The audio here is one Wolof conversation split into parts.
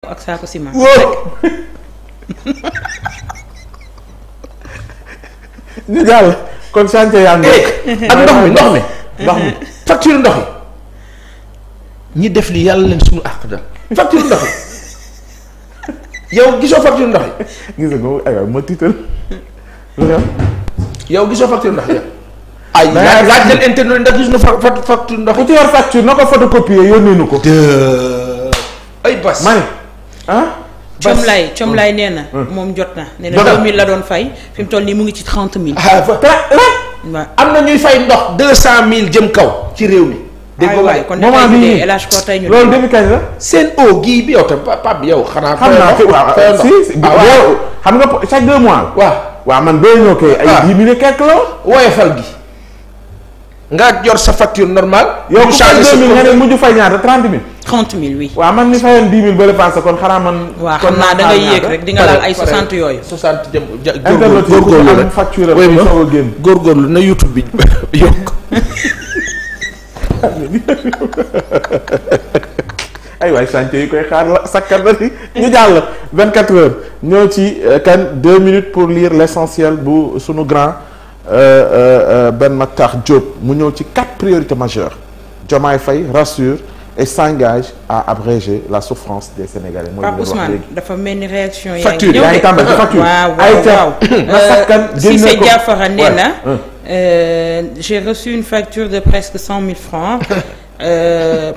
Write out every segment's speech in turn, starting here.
ak saako ciment. wóor jàll kon chantier yaa ngi eh, ak ndox mi ndox mi ndox mi facture ndox yi ñi def li yàlla leen su àq dal facture ndox yi yow gisoo facture ndox yi gis nga ay waay ma tiital yow yi ay laaj internet ndax gis na fa facture ndox yi ku ci war facture na ko photocopier yónnee nu ko ay bas ma ah bas Comlay Comlay nee na. moom jot na. nee na 2000 la doon fay fi mu toll nii mu ngi ci 30000. ah waaw am na ñuy fay ndox 200000 jëm kaw ci réew mi. aywa waay kon moment bii loolu depuis kañ la. seen eau gii bi yow tam Pape yow xanaa. xam naa fi ah, waaw si xam nga chaque deux mois. waaw waaw man bee ñoo koy. ay ah. dix mille quelque la. woyofal gi. nga yor sa facture normale. yow ku fay 2000 nga ne mujj fay ñaata 30 000. 30 000 oui. waaw man mi fayoon 10 000 ba repassé kon xanaa man. waaw xam naa da yéeg rek di nga laal ay 60 yooyu. 60 jëm ja góorgóorlu la facture am soog a génn góorgóorlu na YouTube bi yokk. ay waay sànq yi koy xaar la sakkal na ni ñu jàll 24 heures ñëw ci euh, kan 2 minutes pour lire l' essentiel bu sunu grand. Euh, euh, euh, ben Matar Diop mu ñëw ci quatre priorités majeures Diomaye Faye rassure et s'engage à abréger la souffrance des Sénégalais. mooy wax léegi dafa mel ni réaction. yaa ngi ñëw facture waaw waaw waaw Cissé j'ai reçu une facture de presque cent mille francs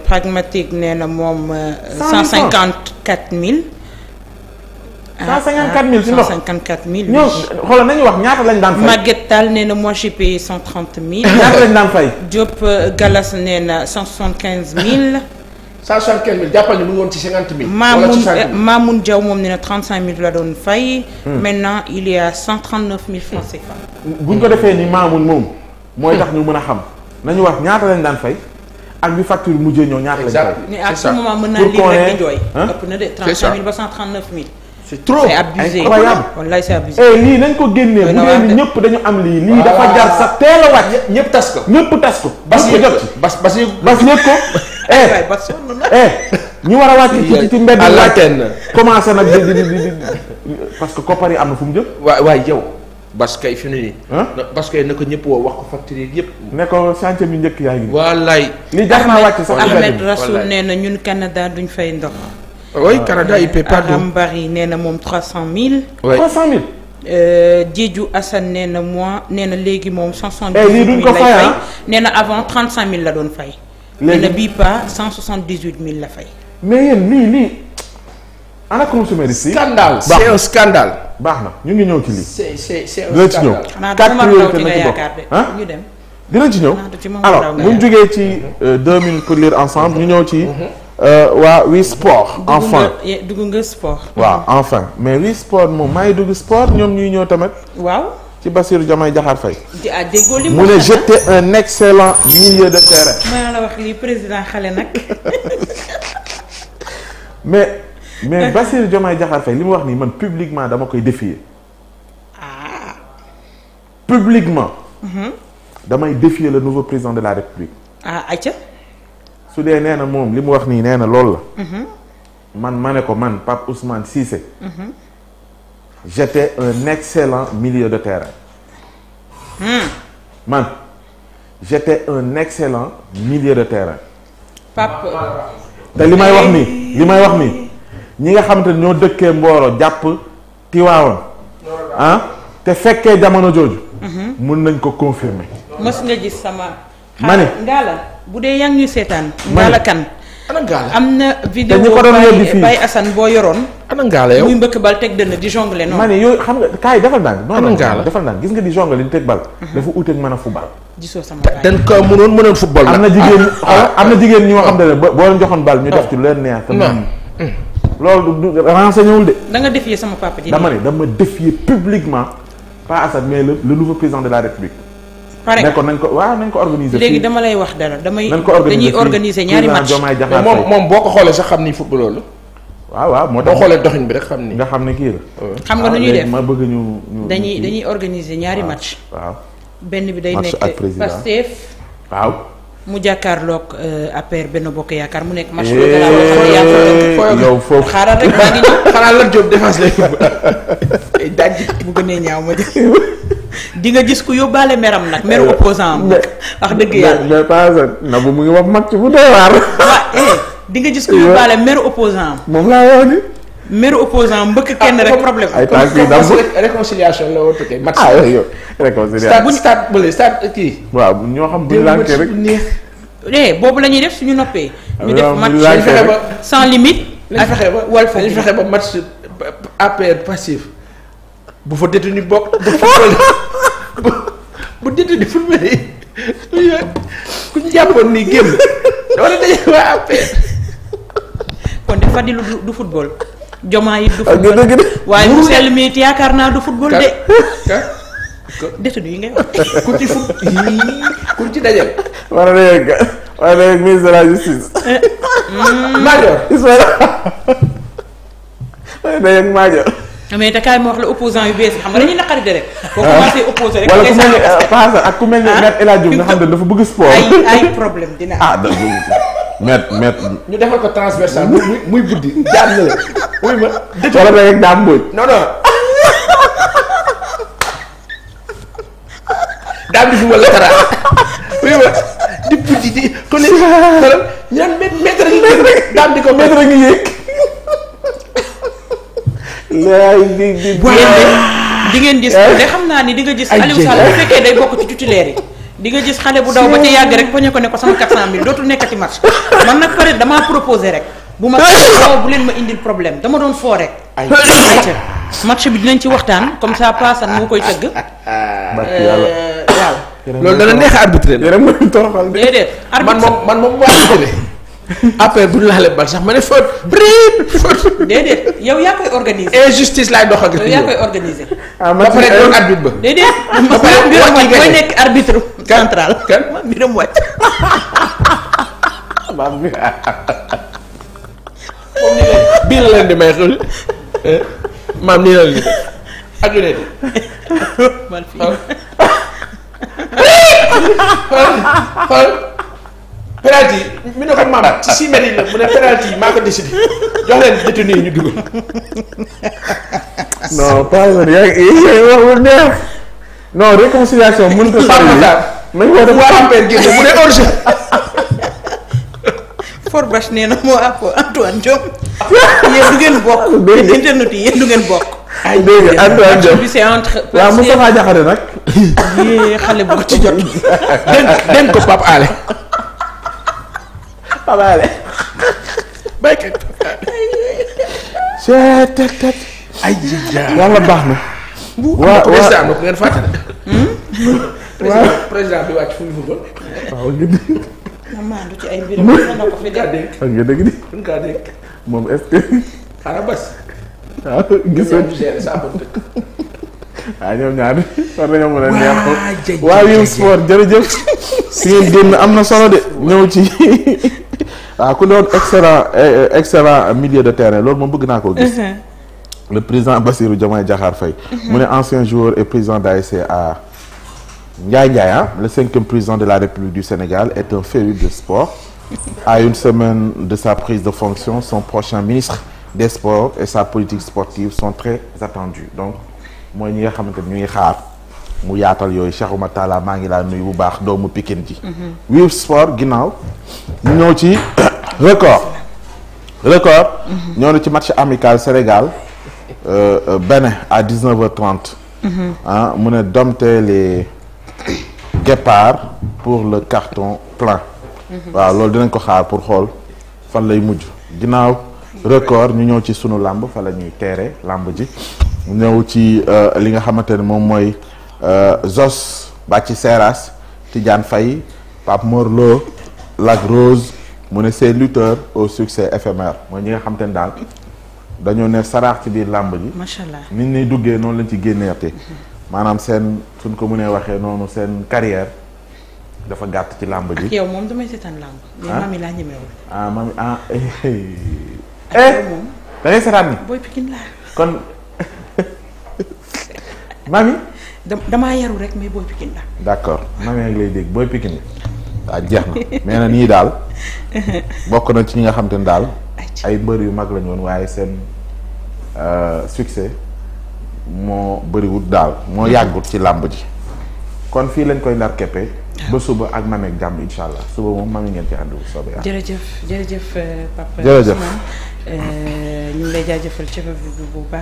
pragmatique nee na moom. cinquante quatre mille. 154 000 ci ndox 154 nañu wax ñaata lañ daan fay. Maguette Tall nee na moi j'ai payé 130 000. ñaata lañ daan fay. Diop euh, Galas nee na 175 000. 175 000 jàppal ni mu ngi woon ci 50 000. wala ci 50 000 Mamoun Mamoun Diaw moom nee na 35 000 la doon fay. Hmm. maintenant il est bu ñu ko defee ni Mamoun moom. mooy tax ñu mën a xam nañu wax ñaata lañ daan fay. ak bi facture mujjee ñëw ñaata lañ fay. c'est ça mais à ce moment mën naa lii rek di jooy. ëpp na de 35 000 ba c'est trop incroyable wallaay c'est abusé eh, lii nañ ko génnee bu dee ni dañu am lii lii dafa jar sax teel a wàcc ñëpp tas ko ñëpp tas ko bas ko jot bas bas bas yëg ko eh. eh ñu war a wàcc ci ci mbedd la kenn commencé nag di que koppar yi am na fu mu jëm waaw waay yow bas kay fi mu nii bas kay na ko ñëpp woo wax ko facture yëpp ne ko chantier bi njëkk yaa ngi wallaay lii jar naa wàcc sax Ahmed Rasoul nee na ñun Canada duñ fay ndox oui Canada il paie pas euh, d'eau. Ambari nee na moom 300000. oui 300000. Diédiou Assane nee na mois nee na léegi moom. 178 eh, lii duñ ko fay nee na avant 35000 la doon fay. léegi nee na bii pas 178000 la fay. mais yéen lii lii ana consommateur ici. scandale c'est un scandale. baax na ñu ngi ñëw ci lii. c'est c'est c'est un scandale ñu dem. dinañ ci ñëw alors bu ñu jógee ci 2000 euh, pour lire ensemble ñu ñëw ci. Mhm. Euh, waaw Wii Sport. enfin dugg nga sport. waaw enfin mais Wii Sport moom maa ngi sport ñoom ñuy ñëw tamit. waaw ci Bassirou Diomaye Diakhar Faye. ah déggoo li mu ne jeter un excellent milieu de terrain. wax lii président xale nag. mais mais Bassirou Diomaye Diakhar Faye li mu wax nii man publiquement dama koy défier. ah. publiquement. Mm-hmm. damay défier le nouveau président de la République. ah atia. su dee nee na moom li mu wax nii nee na loolu la. Mhm. man ma ne ko man Pape Ousmane Cissé. Mhm. j'étais un excellent milieu de terrain. Hmm. man j'étais un excellent milieu de terrain. Pape te li may wax nii li may wax nii ñi nga xamante ne ñoo dëkkee Mboro jàpp Tiwaawan ah te fekkee jamono jooju. Mhm. mun nañ ko confirmer. ma ne bu dee yaa ngi seetaan. Ngalla Kane ana am na. vidéo Baye Baye boo yoroon. ana Ngalla yow muy mbëkk bal teg dënn di xam nga kaay defal naa. ana Ngalla defal naa gis nga di jongle di teg bal. Mhm. dafa uuteeg mën a football. gisoo sama baay dañ ko mënoon football. Ah. am na jigéen am na jigéen ñoo xam ne boo leen joxoon bal ñu def oh. ci leen neex. Mm. loolu du renseigné de. da nga défier sama papa ji. dama ne dama défier publiquement pas Assane mais le le nouveau président de la République pare nekkoon nañ ko waaw nañ ko léegi dama lay wax dara damay. nañ ko organiser dañuy organiser ñaari match moom moom boo ko xoolee sax xam ni football la. waaw waaw moo tax boo xoolee doxin bi rek xam ni. nga xam ne kii la. xam nga nu ah, ñuy def ma bëgg ñu ñu. dañuy dañuy ñaari match. waaw benn bi day nekk Pastef. waaw. mu jàkkaarloog euh, APR benn bokk yaakaar mu nekk match de la wax yow foofu xaaral rek maa ngi lay daj bu gënee ñaaw ma jël di nga gis ku yóbbaale meram nag meru opposant am nag wax dëgg yàlla mais pas na bu mu ngi wax mag ci bu doy waar waaw eh, di nga gis ku yóbbaale meru opposant am moom laa wax ni meru opposant mbëkk kenn ah, rek problème ay tànk yi la war tukkee match ah yow réconciliation buñ stade xam buñ lànkee rek eh boobu la ñuy def suñu noppee ñu def match fexe ba sans limite fexe ba wal fexe ba match APR passif bu fa détenu bokk bu bu bu détenu fulbale ku ñu jàppoon nii génn wala daje waa APR. kon de Fadilou du du Jomaa yi du ah, football waaye mu sell yaakaar naa du football de. détenu yi ngay wax. ku ci fut ku ci dajal. war na yegg war na yegg ministre de la justice. Eh. Madior. Ismaïla war na yegg Madior. mais te kaay ma wax la opposant yu bees yi xam nga dañuy naqari de rek. boo ah. commencé opposé rek. wala ku mel ne euh, Paasa ku mel ne ah. Maître El Hadj Diouf nga xam sport. ay ay problème ah, da na la. wuy ma dëgg wala rek daa mbóoj. non non. daa mbisi buddi di. di ko maître rek nga bu ah. di ngeen gis ah. de xam naa ni di nga gis Aliou Sall bu fekkee day bokk ci titulaire yi di nga gis xale bu daw ba ca yàgg rek poñe ko ne ko sama 400000 dootul nekkati match man nag pare damaa proposé rek bu ma kaw bu leen ma indil problème dama doon foo rek ay match bi dinañ ci waxtaan comme ça paasan moo koy ah. tëgg euh, waaw loolu dana neex arbitre déedéet man moom man moom après bu ñu laalee bal sax ma ne faute riib faute. déedéet yow yaa koy organiser. injustice laay dox ak. yow yaa koy organiser. ah pare doon arbitre ba. ba pare mbiram wàcc mooy bii la leen di may xel eh? maam nii la leen di aju ne man fii xool mi ne ko maam mu ne penalty maa ko décidé jox leen détenu ñu dugal. non pas yow neex non réconciliation mënut a. sori mais boo demee waa Ampère génn moo àpp Antoine Diop yéen du ngeen bokk. dégg internet yi yéen du ngeen bokk. ay dégg Antoine Diop bi c'est entre. waaw Moustapha Diakhaté xale bu ci jot. den den ko Pape Alé. Fapal. béykat Fapal. seetetet. ay baax na. bu waa président am na ku bi wàcc fu ñu football. waaw ngeen di. maanaam ci ay mbiram mën na ko fi dégg. moom est-ce que. xaaral bas. waa Wim Sport jërëjëf. si ngeen génn am na solo de ñëw ci. waaw ah, ku doon excellent eh, excellent milieu de terrain loolu moom bëgg naa koo gis. Uh-huh. le président Bassirou Diomaye Diakhar Faye. Uh-huh. mu ne ancien joueur et président d'ASC à Ndiaye Ndiaye le cinquième président de la République du Sénégal est un féru de sport. à une semaine de sa prise de fonction son prochain ministre des sports et sa politique sportive sont très attendus donc mooy ñi nga xamante ni ñuy xaar mu yaatal yooyu Cheikh Oumar Talla maa ngi laa nuyu bu baax doomu Pikine ji. Uh-huh. wii sport ginnaaw record record ñoo ne ci match amical Sénégal euh, euh Bénin à 19h30 mu ne dompte les pour le carton plein waaw loolu dinañ ko xaar pour xool fan lay mujj ginnaaw record ñu ñëw ci sunu làmb fa la teere làmb ji ñëw ci euh, li nga xamante ne moom mooy euh, Zos Bathie Seras Tidiane Faye Pape Mor Lo Lac Rose mu ne ces lutteurs au succès éphémère mooy ñi nga xam te ne daal dañoo ne saraax ci biir làmb ji. macha allah ni ñuy duggee noonu lañ ci génneerte. Mm-hmm. maanaam seen suñ ko mënee waxee noonu seen carrière dafa gàtt ci làmb ji. ak yow moom damay seetaan làmb. Ah? mais mami laa ñemewul. ah mami ah. eh, eh. eh! moom seetaan ni. booy pikin laa. kon mami. damaa yaru rek mais booy pikin laa. d'accord mami ak lay dégg booy pikin. waaw jeex na mais na nii daal bokk na ci ñi nga xam te ni daal ay mbër yu mag lañu woon waaye seen euh, succès moo bëriwut daal moo yàggut ci làmb ji kon fii lañ koy ndar keppe ah. ba suba ak mame ak jàmm incha allah suba moom mame ngeen ci àndu soobee jërëjëf jërëjëf euh, jërëjëf euh, ñu ngi lay jaajëfal ci revue bi bu baax